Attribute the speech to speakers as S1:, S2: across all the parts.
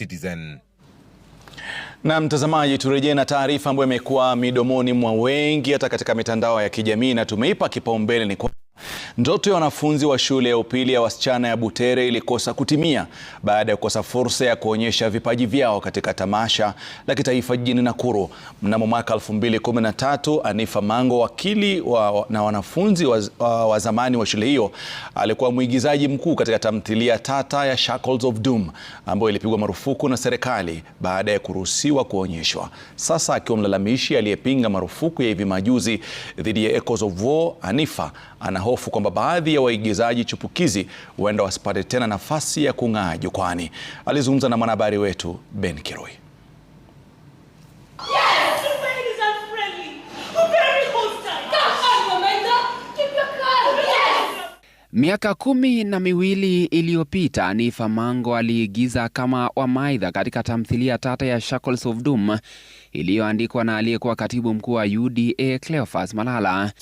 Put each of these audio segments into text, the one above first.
S1: Citizen. Na mtazamaji, turejee na taarifa ambayo imekuwa midomoni mwa wengi hata katika mitandao ya kijamii na tumeipa kipaumbele ni kwa Ndoto ya wanafunzi wa shule ya upili ya wasichana ya Butere ilikosa kutimia baada ya kukosa fursa ya kuonyesha vipaji vyao katika tamasha la kitaifa jijini Nakuru. Mnamo mwaka 2013, Anifa Mango, wakili wa, na wanafunzi wa, wa, wa zamani wa shule hiyo, alikuwa mwigizaji mkuu katika tamthilia tata ya Shackles of Doom ambayo ilipigwa marufuku na serikali baada ya kuruhusiwa kuonyeshwa. Sasa akiwa mlalamishi aliyepinga marufuku ya hivi majuzi dhidi ya Echoes of War, Anifa ana hofu kwamba baadhi ya waigizaji chupukizi huenda wasipate tena nafasi ya kung'aa jukwani. Alizungumza na mwanahabari wetu Ben Kiroi. Miaka kumi na miwili iliyopita ni Mango aliigiza kama Wamaidha katika tamthilia tata ya Shackles of Doom iliyoandikwa na aliyekuwa katibu mkuu wa UDA Cleophas Malala.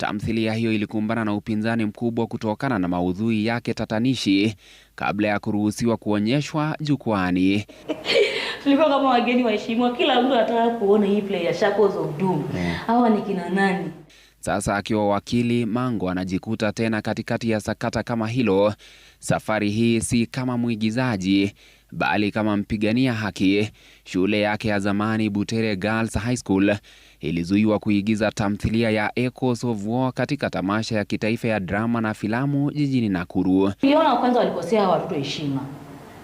S1: Tamthilia hiyo ilikumbana na upinzani mkubwa kutokana na maudhui yake tatanishi kabla ya kuruhusiwa kuonyeshwa jukwani.
S2: Tulikuwa kama wageni waheshimiwa, kila mtu anataka kuona hii play ya Shackles of Doom. Hawa ni kina nani?
S1: Sasa akiwa wakili, Mango anajikuta tena katikati ya sakata kama hilo. Safari hii si kama mwigizaji bali kama mpigania haki. Shule yake ya zamani Butere Girls High School ilizuiwa kuigiza tamthilia ya Echoes of War katika tamasha ya kitaifa ya drama na filamu jijini Nakuru.
S2: Niliona kwanza walikosea watoto heshima.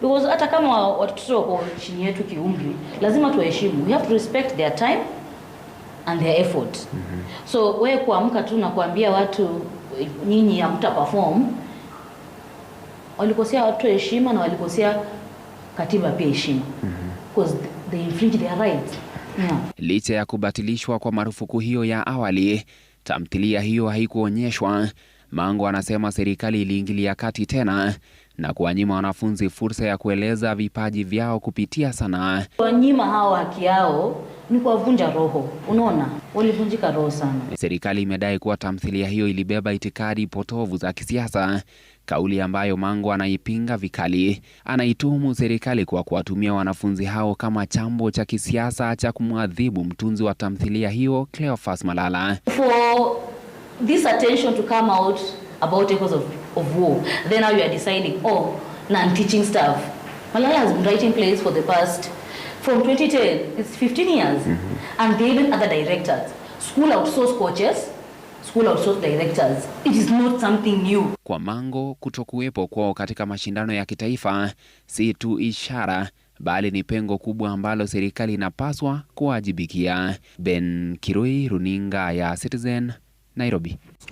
S2: Because hata kama watoto wako chini yetu kiumri, lazima tuwaheshimu. We have to respect their time and their effort. Mm -hmm. So wewe kuamka tu na kuambia watu nyinyi hamta perform, walikosea watoto heshima na walikosea katiba pia heshima mm -hmm. they infringe their rights
S1: yeah. Licha ya kubatilishwa kwa marufuku hiyo ya awali, tamthilia hiyo haikuonyeshwa. Mango anasema serikali iliingilia kati tena na kuwanyima wanafunzi fursa ya kueleza vipaji vyao kupitia sanaa.
S2: Kuwanyima hawa haki yao ni kuwavunja roho, unaona, walivunjika roho sana.
S1: Serikali imedai kuwa tamthilia hiyo ilibeba itikadi potovu za kisiasa, kauli ambayo Mango anaipinga vikali. Anaituhumu serikali kwa kuwatumia wanafunzi hao kama chambo cha kisiasa cha kumwadhibu mtunzi wa tamthilia hiyo Cleophas Malala.
S3: For this attention to come out about echoes of of war. Then now you are deciding, oh, now I'm teaching staff. Malala has been writing plays for the past, from 2010, it's 15 years. Mm -hmm. And they even other directors. School outsource coaches, school outsource directors. It is not something new.
S1: Kwa Mango kutokuwepo kwao katika mashindano ya kitaifa si tu ishara bali ni pengo kubwa ambalo serikali inapaswa kuwajibikia. Ben Kirui, Runinga ya Citizen, Nairobi.